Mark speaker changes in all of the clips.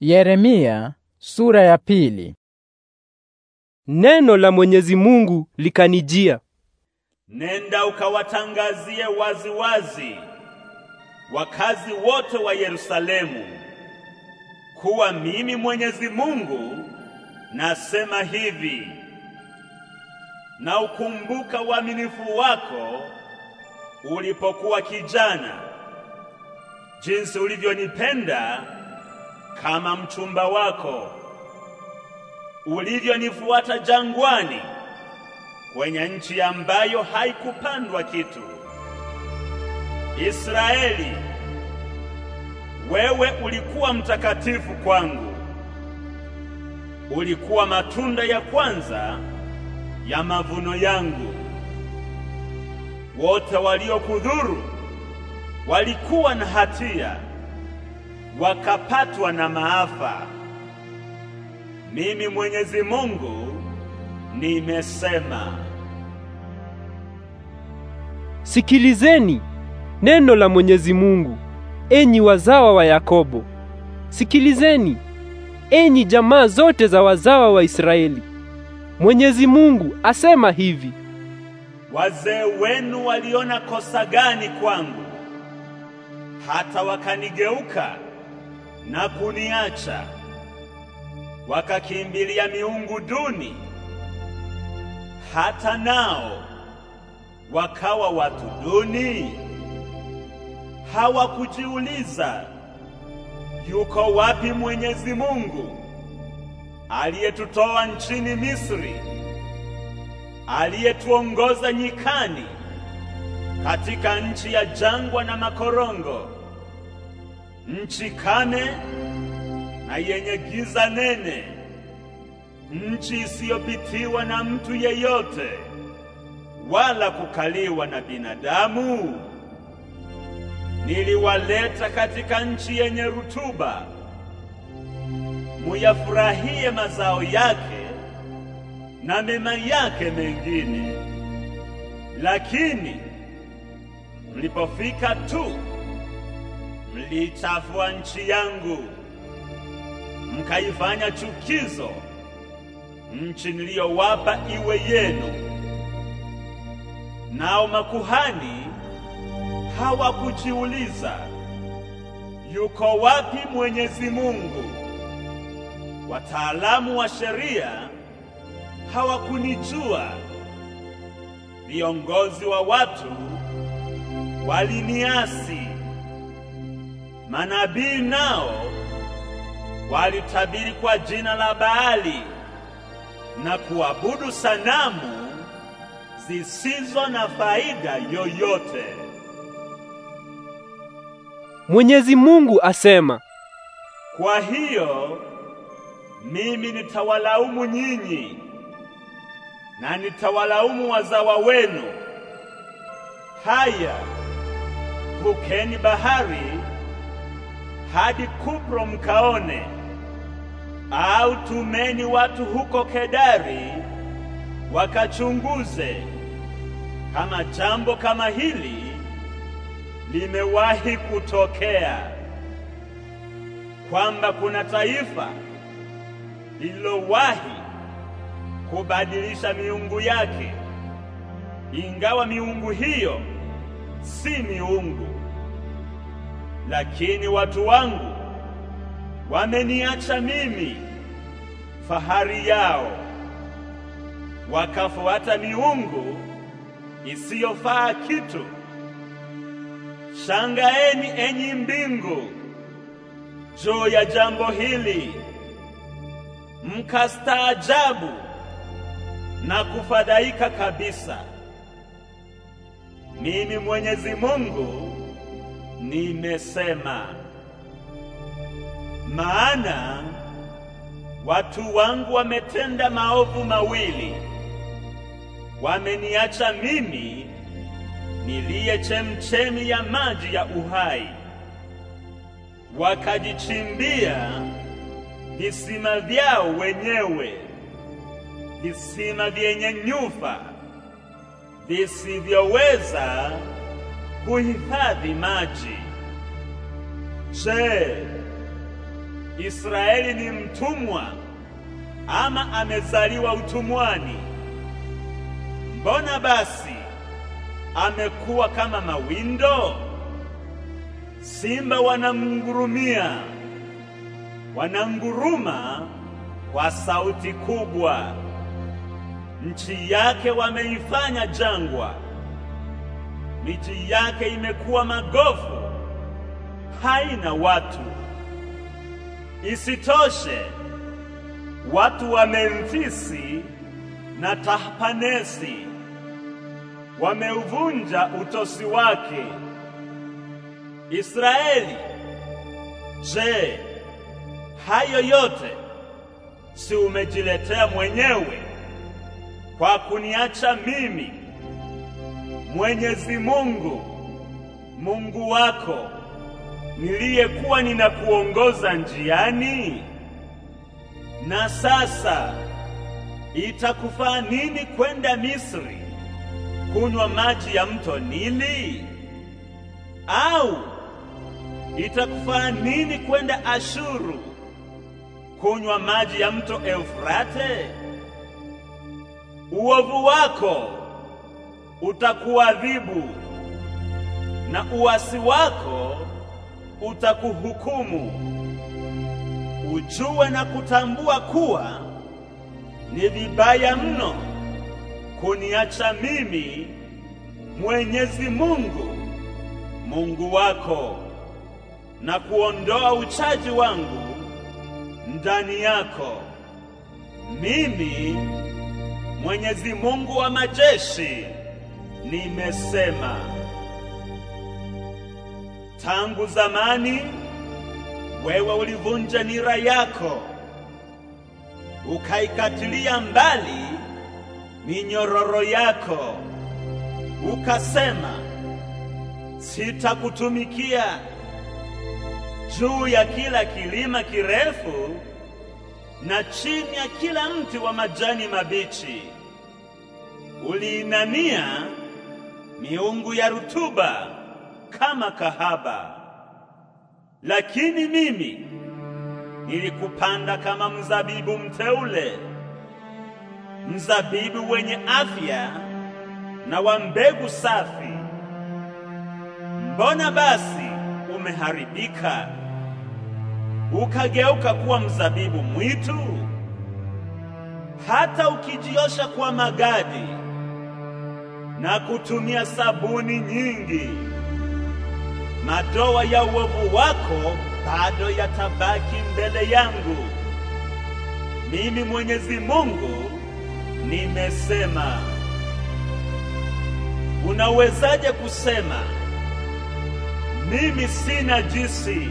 Speaker 1: Yeremia sura ya pili. Neno la Mwenyezi Mungu likanijia, nenda ukawatangazie waziwazi wakazi wote wa Yerusalemu kuwa mimi Mwenyezi Mungu nasema hivi, na ukumbuka uaminifu wako ulipokuwa kijana, jinsi ulivyonipenda kama mchumba wako ulivyonifuata jangwani kwenye nchi ambayo haikupandwa kitu. Israeli, wewe ulikuwa mtakatifu kwangu, ulikuwa matunda ya kwanza ya mavuno yangu. Wote waliokudhuru walikuwa na hatia wakapatwa na maafa. Mimi Mwenyezi Mungu nimesema. Sikilizeni neno la Mwenyezi Mungu, enyi wazawa wa Yakobo. Sikilizeni enyi jamaa zote za wazawa wa Israeli. Mwenyezi Mungu asema hivi: wazee wenu waliona kosa gani kwangu hata wakanigeuka na kuniacha, wakakimbilia miungu duni, hata nao wakawa watu duni. Hawakujiuliza, yuko wapi Mwenyezi Mungu aliyetutoa nchini Misri, aliyetuongoza nyikani katika nchi ya jangwa na makorongo nchi kane na yenye giza nene, nchi isiyopitiwa na mtu yeyote wala kukaliwa na binadamu. Niliwaleta katika nchi yenye rutuba, muyafurahie mazao yake na mema yake mengine. Lakini mlipofika tu mlichafua nchi yangu, mkaifanya chukizo nchi niliyowapa iwe yenu. Nao makuhani hawakujiuliza yuko wapi Mwenyezi Mungu. Wataalamu wa sheria hawakunijua. Viongozi wa watu waliniasi. Manabii nao walitabiri kwa jina la Baali na kuabudu sanamu zisizo na faida yoyote. Mwenyezi Mungu asema, kwa hiyo mimi nitawalaumu nyinyi na nitawalaumu wazawa wenu. Haya, vukeni bahari hadi Kupro mkaone, au tumeni watu huko Kedari wakachunguze kama jambo kama hili limewahi kutokea, kwamba kuna taifa lililowahi kubadilisha miungu yake, ingawa miungu hiyo si miungu lakini watu wangu wameniacha mimi fahari yao, wakafuata miungu isiyofaa kitu. Shangaeni enyi mbingu juu ya jambo hili, mkastaajabu na kufadhaika kabisa. Mimi Mwenyezi Mungu nimesema, maana watu wangu wametenda maovu mawili, wameniacha mimi niliye chemchemi ya maji ya uhai, wakajichimbia visima vyao wenyewe, visima vyenye nyufa visivyoweza kuhifadhi maji. Je, Israeli ni mtumwa ama amezaliwa utumwani? Mbona basi amekuwa kama mawindo? Simba wanamngurumia, wananguruma kwa sauti kubwa. Nchi yake wameifanya jangwa miji yake imekuwa magofu, haina watu. Isitoshe, watu wa Memfisi na Tahpanesi wameuvunja utosi wake. Israeli, je, hayo yote si umejiletea mwenyewe kwa kuniacha mimi Mwenyezi Mungu Mungu wako niliyekuwa ninakuongoza njiani, na sasa itakufaa nini kwenda Misri kunywa maji ya mto Nili? Au itakufaa nini kwenda Ashuru kunywa maji ya mto Eufrate? Uovu wako utakuadhibu na uasi wako utakuhukumu. Ujue na kutambua kuwa ni vibaya mno kuniacha mimi Mwenyezi Mungu Mungu wako na kuondoa uchaji wangu ndani yako. Mimi Mwenyezi Mungu wa majeshi Nimesema tangu zamani, wewe ulivunja nira yako ukaikatilia mbali minyororo yako, ukasema sitakutumikia. Juu ya kila kilima kirefu na chini ya kila mti wa majani mabichi uliinamia miungu ya rutuba kama kahaba, lakini mimi nilikupanda kama mzabibu mteule, mzabibu wenye afya na wa mbegu safi. Mbona basi umeharibika ukageuka kuwa mzabibu mwitu? Hata ukijiosha kwa magadi na kutumia sabuni nyingi, madoa ya uovu wako bado yatabaki mbele yangu. Mimi Mwenyezi Mungu nimesema. Unawezaje kusema mimi si najisi,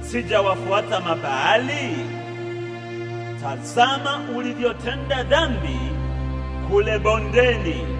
Speaker 1: sijawafuata Mabaali? Tazama ulivyotenda dhambi kule bondeni.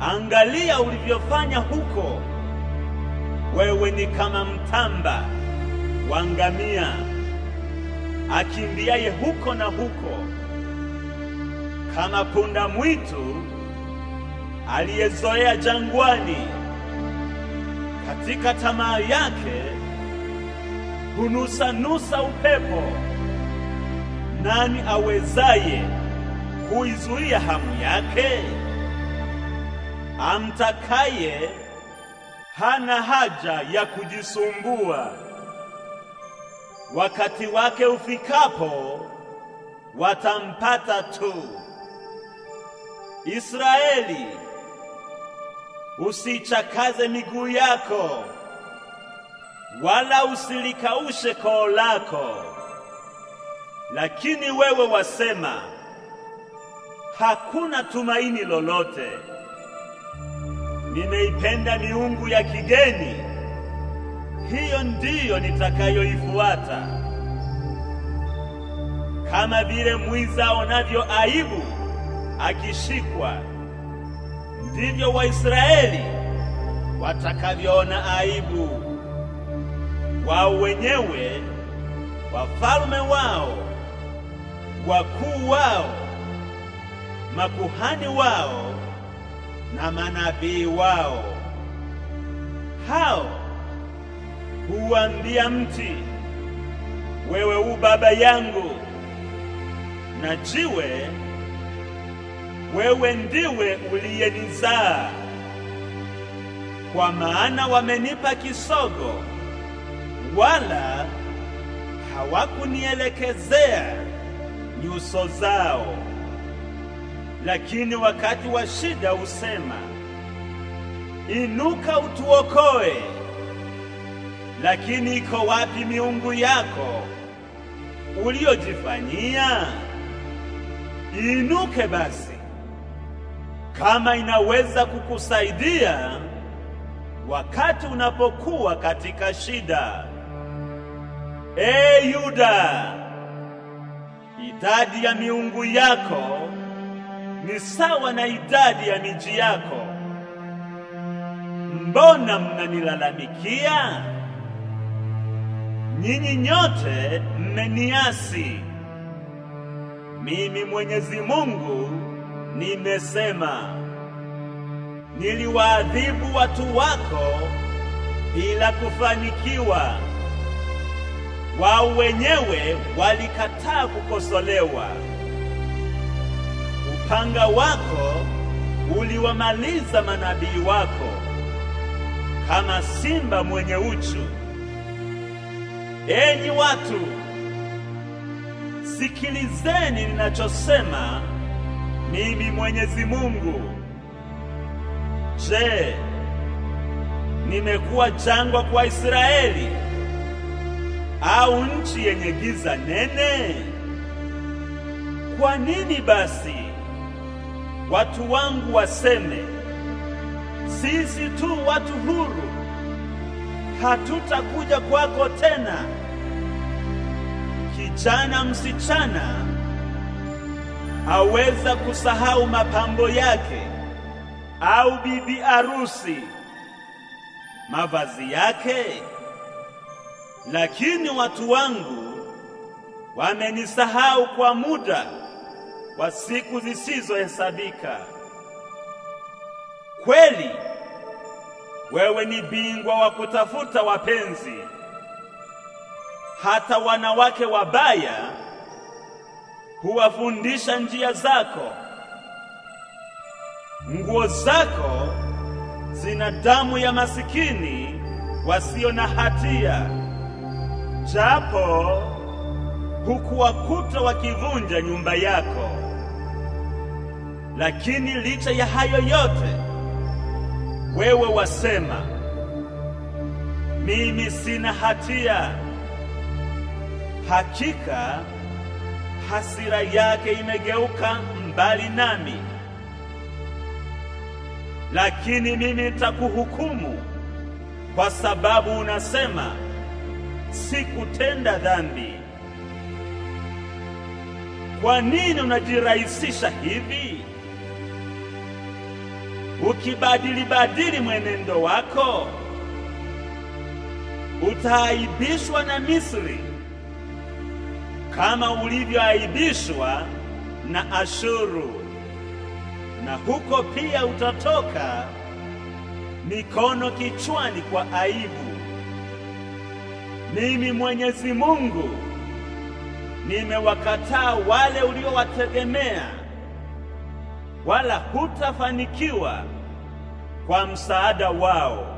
Speaker 1: Angalia ulivyofanya huko. Wewe ni kama mtamba wa ngamia akimbiaye huko na huko, kama punda mwitu aliyezoea jangwani. Katika tamaa yake hunusa-nusa upepo. Nani awezaye kuizuia hamu yake? Amtakaye hana haja ya kujisumbua. Wakati wake ufikapo watampata tu. Israeli, usichakaze miguu yako wala usilikaushe koo lako. Lakini wewe wasema hakuna tumaini lolote. Nimeipenda miungu ya kigeni, hiyo ndiyo nitakayoifuata. Kama vile mwiza onavyo aibu akishikwa, ndivyo Waisraeli watakavyoona aibu wao wenyewe, wafalme wao, wakuu wao, makuhani wao na manabii wao. Hao huambia mti, wewe u baba yangu, na jiwe, wewe ndiwe uliyenizaa. Kwa maana wamenipa kisogo, wala hawakunielekezea nyuso zao lakini wakati wa shida husema, inuka utuokoe. Lakini iko wapi miungu yako uliyojifanyia? Inuke basi, kama inaweza kukusaidia wakati unapokuwa katika shida. E Yuda, idadi ya miungu yako ni sawa na idadi ya miji yako. Mbona mnanilalamikia? Nyinyi nyote mmeniasi mimi. Mwenyezi Mungu nimesema, niliwaadhibu watu wako bila kufanikiwa. Wao wenyewe walikataa kukosolewa upanga wako uliwamaliza manabii wako kama simba mwenye uchu. Enyi watu, sikilizeni ninachosema mimi Mwenyezi Mungu. Je, nimekuwa jangwa kwa Israeli au nchi yenye giza nene? Kwa nini basi watu wangu waseme, sisi tu watu huru, hatutakuja kwako tena. Kijana msichana aweza kusahau mapambo yake au bibi arusi mavazi yake, lakini watu wangu wamenisahau kwa muda wa siku zisizohesabika. Kweli wewe ni bingwa wa kutafuta wapenzi, hata wanawake wabaya huwafundisha njia zako. Nguo zako zina damu ya masikini wasio na hatia, japo hukuwakuta wakivunja nyumba yako. Lakini licha ya hayo yote, wewe wasema, mimi sina hatia. Hakika hasira yake imegeuka mbali nami, lakini mimi nitakuhukumu kwa sababu unasema sikutenda dhambi. Kwa nini unajirahisisha hivi? Ukibadili badili mwenendo wako utaaibishwa na Misri kama ulivyoaibishwa na Ashuru, na huko pia utatoka mikono kichwani kwa aibu. Mimi Mwenyezi Mungu nimewakataa wale uliowategemea wala hutafanikiwa kwa msaada wao.